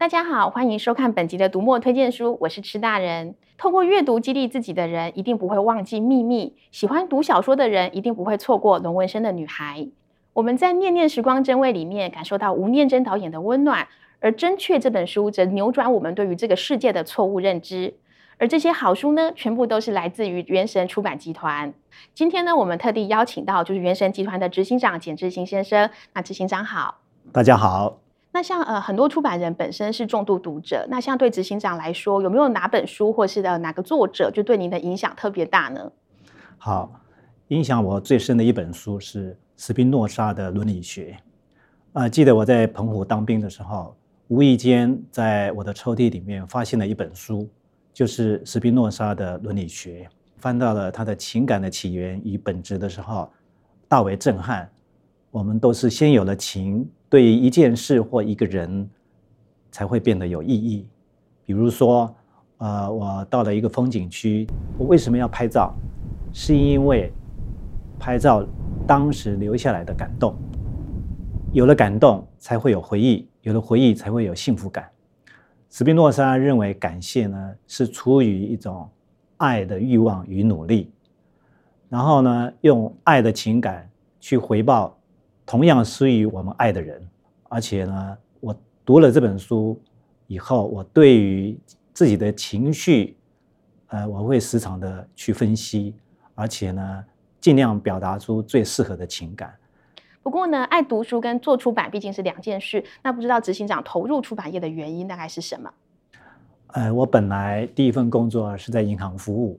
大家好，歡迎收看本集的讀墨推薦書，我是池大人。透過閱讀激勵自己的人，一定不會忘記秘密；喜歡讀小說的人，一定不會錯過《龍紋身的女孩》。我們在《念念時光真味》裡面感受到吳念真導演的溫暖，而《真確》這本書則扭轉我們對於這個世界的錯誤認知。而這些好書呢，全部都是來自於圓神出版集團。今天呢，我們特地邀請到就是圓神集團的執行長簡志行先生。那執行長好，大家好。那像，呃，很多出版人本身是重度讀者，那像對執行長來說，有沒有哪本書或是的哪個作者就對您的影響特別大呢？好，影響我最深的一本書是斯賓諾莎的倫理學。啊、呃，記得我在澎湖當兵的時候，無意間在我的抽屜裡面發現了一本書，就是斯賓諾莎的倫理學。翻到了他的情感的起源與本質的時候，大為震撼。我們都是先有了情，對於一件事或一個人，才會變得有意義。比如說，呃，我到了一個風景區，我為什麼要拍照？是因為拍照當時留下來的感動。有了感動，才會有回憶；有了回憶，才會有幸福感。斯賓諾莎認為，感謝呢，是出於一種愛的欲望與努力，然後呢，用愛的情感去回報。同樣施予我們愛的人。而且呢，我讀了這本書以後，我對於自己的情緒，呃，我會時常的去分析，而且呢，盡量表達出最適合的情感。不過呢，愛讀書跟做出版畢竟是兩件事。那不知道執行長投入出版業的原因，大概是什麼？呃，我本來第一份工作是在銀行服務，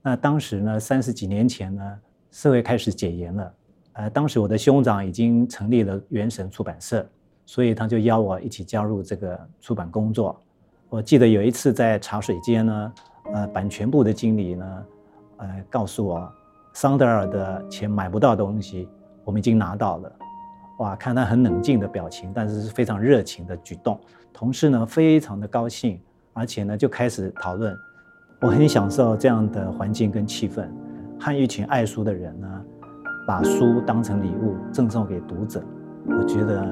那當時呢，三十幾年前呢，社會開始解嚴了。呃，當時我的兄長已經成立了圓神出版社，所以他就邀我一起加入這個出版工作。我記得有一次在茶水間呢，呃，版權部的經理呢，呃，告訴我桑德爾的錢買不到的東西，我們已經拿到了。哇，看他很冷靜的表情，但是是非常熱情的舉動。同事呢，非常的高興，而且呢，就開始討論。我很享受這樣的環境跟氣氛，和一群愛書的人呢。把書當成禮物贈送給讀者，我覺得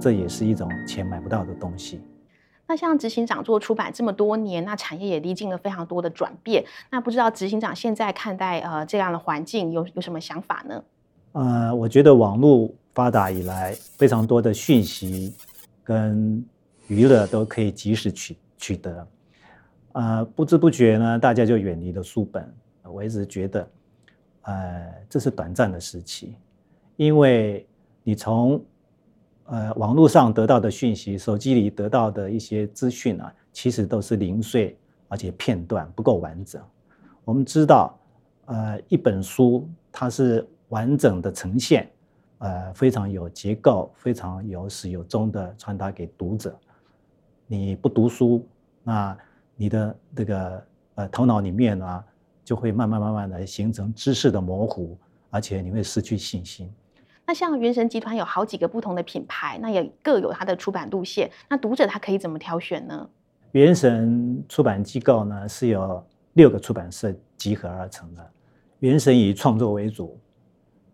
這也是一種錢買不到的東西。那像執行長做出版這麼多年，那產業也歷經了非常多的轉變。那不知道執行長現在看待呃這樣的環境有有什麼想法呢？呃，我覺得網絡發達以來，非常多的訊息跟娛樂都可以及時取取得。呃，不知不覺呢，大家就遠離了書本。我一直覺得。呃，這是短暫的時期，因為你從呃網絡上得到的訊息、手機裡得到的一些資訊啊，其實都是零碎，而且片段不夠完整。我們知道，呃，一本書它是完整的呈現，呃，非常有結構、非常有始有終的傳達給讀者。你不讀書，那你的這個呃頭腦裡面啊。就會慢慢慢慢地形成知識的模糊，而且你會失去信心。那像圓神集團有好幾個不同的品牌，那也各有它的出版路線。那讀者他可以怎麼挑選呢？圓神出版機構呢是由六個出版社集合而成的。圓神以創作為主，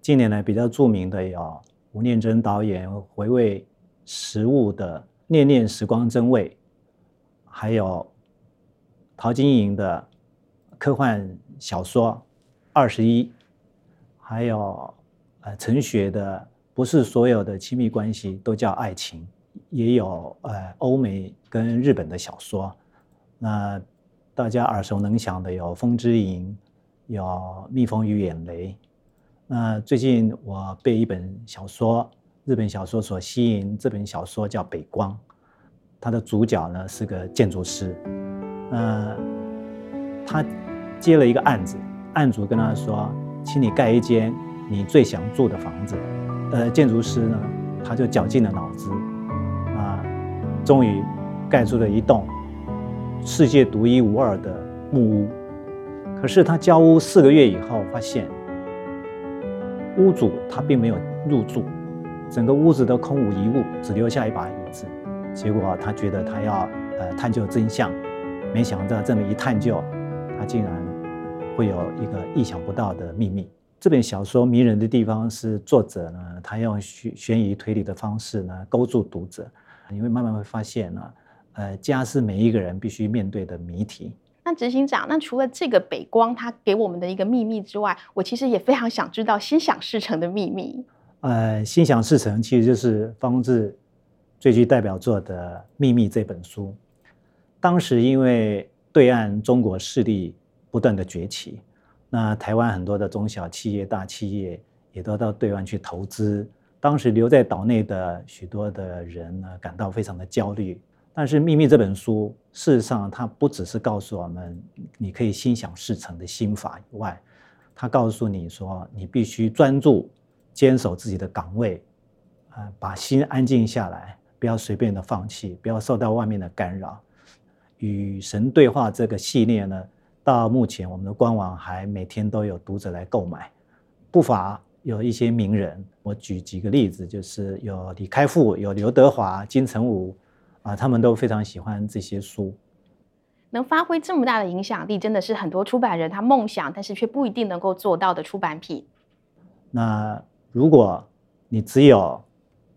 近年來比較著名的有吳念真導演回味食物的《念念時光真味》，還有陶晶瑩的。科幻小說，二十一，還有呃陳雪的，不是所有的親密關係都叫愛情，也有呃歐美跟日本的小說，那大家耳熟能詳的有《風之影》，有《蜜蜂與遠雷》，那最近我被一本小說，日本小說所吸引，這本小說叫《北光》，它的主角呢是個建築師，呃，他。接了一個案子，案主跟他說：“請你蓋一間你最想住的房子。”呃，建築師呢，他就絞盡了腦汁，啊，終於蓋出了一棟世界獨一無二的木屋。可是他交屋四個月以後，發現屋主他並沒有入住，整個屋子都空無一物，只留下一把椅子。結果他覺得他要呃探究真相，沒想到這麼一探究。竟然會有一個意想不到的祕密。這本小說迷人的地方是，作者呢，他用懸懸疑推理的方式呢，勾住讀者。因為慢慢會發現呢、啊，呃，家是每一個人必須面對的謎題。那執行長，那除了這個北光他給我們的一個祕密之外，我其實也非常想知道心想事成的祕密。呃，心想事成其實就是方智最具代表作的《祕密》這本書。當時因為。對岸中國勢力不斷地崛起，那台灣很多的中小企業、大企業也都到對岸去投資。當時留在島內的許多的人呢，感到非常的焦慮。但是《祕密》這本書，事實上它不只是告訴我們你可以心想事成的心法以外，它告訴你說，你必須專注、堅守自己的崗位，啊，把心安靜下來，不要隨便的放棄，不要受到外面的干擾。與神對話這個系列呢，到目前我們的官網還每天都有讀者來購買，不乏有一些名人。我舉幾個例子，就是有李開復、有劉德華、金城武啊，他們都非常喜歡這些書。能發揮這麼大的影響力，真的是很多出版人他夢想，但是卻不一定能夠做到的出版品。那如果你只有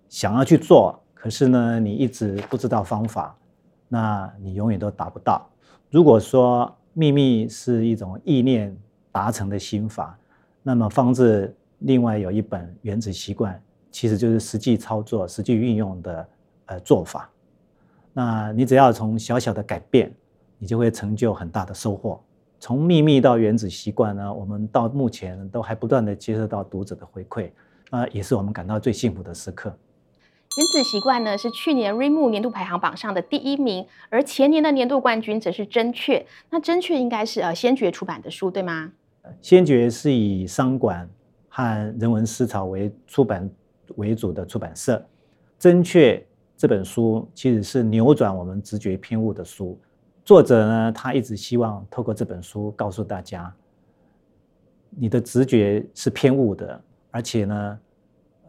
想要去做，可是呢，你一直不知道方法。那你永遠都達不到。如果說祕密是一種意念達成的心法，那麼方智另外有一本《原子習慣》，其實就是實際操作、實際運用的呃做法。那你只要從小小的改變，你就會成就很大的收穫。從祕密到原子習慣呢，我們到目前都還不斷的接受到讀者的回饋，那也是我們感到最幸福的時刻。原子習慣呢，是去年 Readmoo 年度排行榜上的第一名，而前年的年度冠軍則是《真確》。那《真確》應該是呃先覺出版的書，對嗎？先覺是以商管和人文思潮為出版為主的出版社，《真確》這本書其實是扭轉我們直覺偏誤的書。作者呢，他一直希望透過這本書告訴大家，你的直覺是偏誤的，而且呢。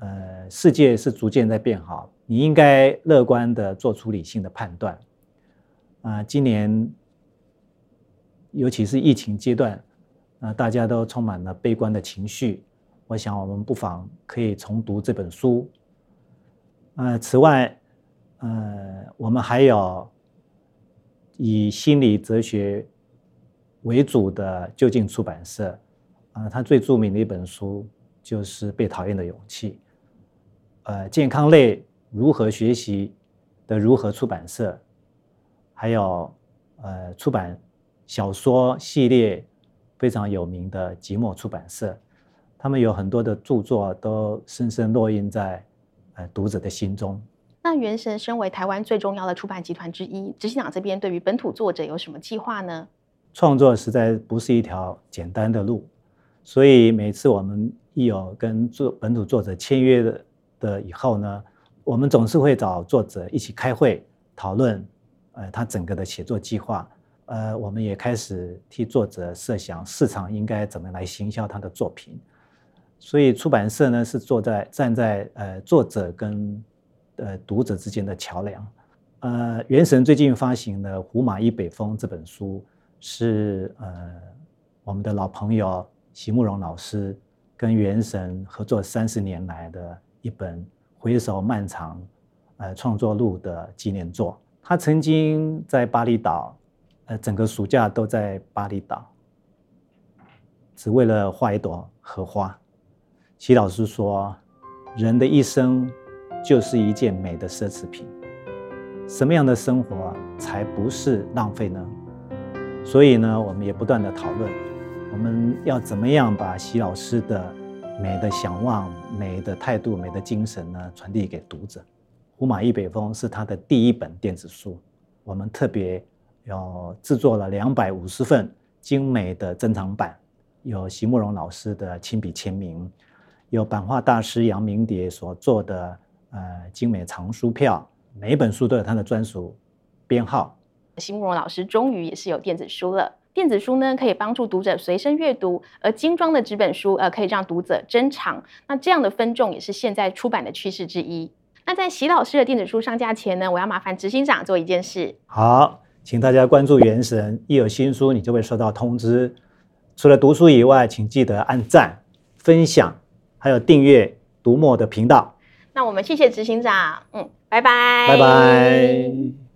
呃，世界是逐漸在變好，你應該樂觀的做出理性的判斷。啊、呃，今年尤其是疫情階段，啊、呃，大家都充滿了悲觀的情緒。我想我們不妨可以重讀這本書。啊、呃，此外，呃，我們還有以心理哲學為主的究竟出版社。啊、呃，它最著名的一本書就是《被討厭的勇氣》。呃，健康類如何學習的如何出版社，還有呃，出版小說系列非常有名的寂寞出版社，他們有很多的著作都深深烙印在呃讀者的心中。那圓神身為台灣最重要的出版集團之一，執行長這邊對於本土作者有什麼計劃呢？創作實在不是一條簡單的路，所以每次我們一有跟作本土作者簽約的。的以後呢，我們總是會找作者一起開會討論，呃，他整個的寫作計劃，呃，我們也開始替作者設想市場應該怎麼來行銷他的作品，所以出版社呢是坐在、站在呃作者跟呃讀者之間的橋樑。呃，圓神最近發行的《胡馬依北風》這本書是呃我們的老朋友席慕蓉老師跟圓神合作三十年來的，一本《回首漫長，呃創作路》的紀念作。他曾經在巴厘島，呃，整個暑假都在巴厘島，只為了畫一朵荷花。席老師說：“人的一生就是一件美的奢侈品，什麼樣的生活才不是浪費呢？”所以呢，我們也不斷的討論，我們要怎麼樣把席老師的。美的嚮往，美的態度，美的精神呢，傳遞給讀者。《胡馬依北風》是他的第一本電子書，我們特別有制作了兩百五十份精美的珍藏版，有席慕蓉老師的親筆簽名，有版畫大師楊明迭所做的呃精美藏書票，每一本書都有他的專屬編號。席慕蓉老師終於也是有電子書了。電子書呢，可以幫助讀者隨身閱讀，而精裝的紙本書呃可以讓讀者珍藏。那這樣的分眾也是現在出版的趨勢之一。那在席老師的電子書上架前呢，我要麻煩執行長做一件事。好，請大家關注圓神，一有新書你就會收到通知。除了讀書以外，請記得按讚、分享，還有訂閱讀墨的頻道。那我們謝謝執行長，嗯，拜拜，拜拜。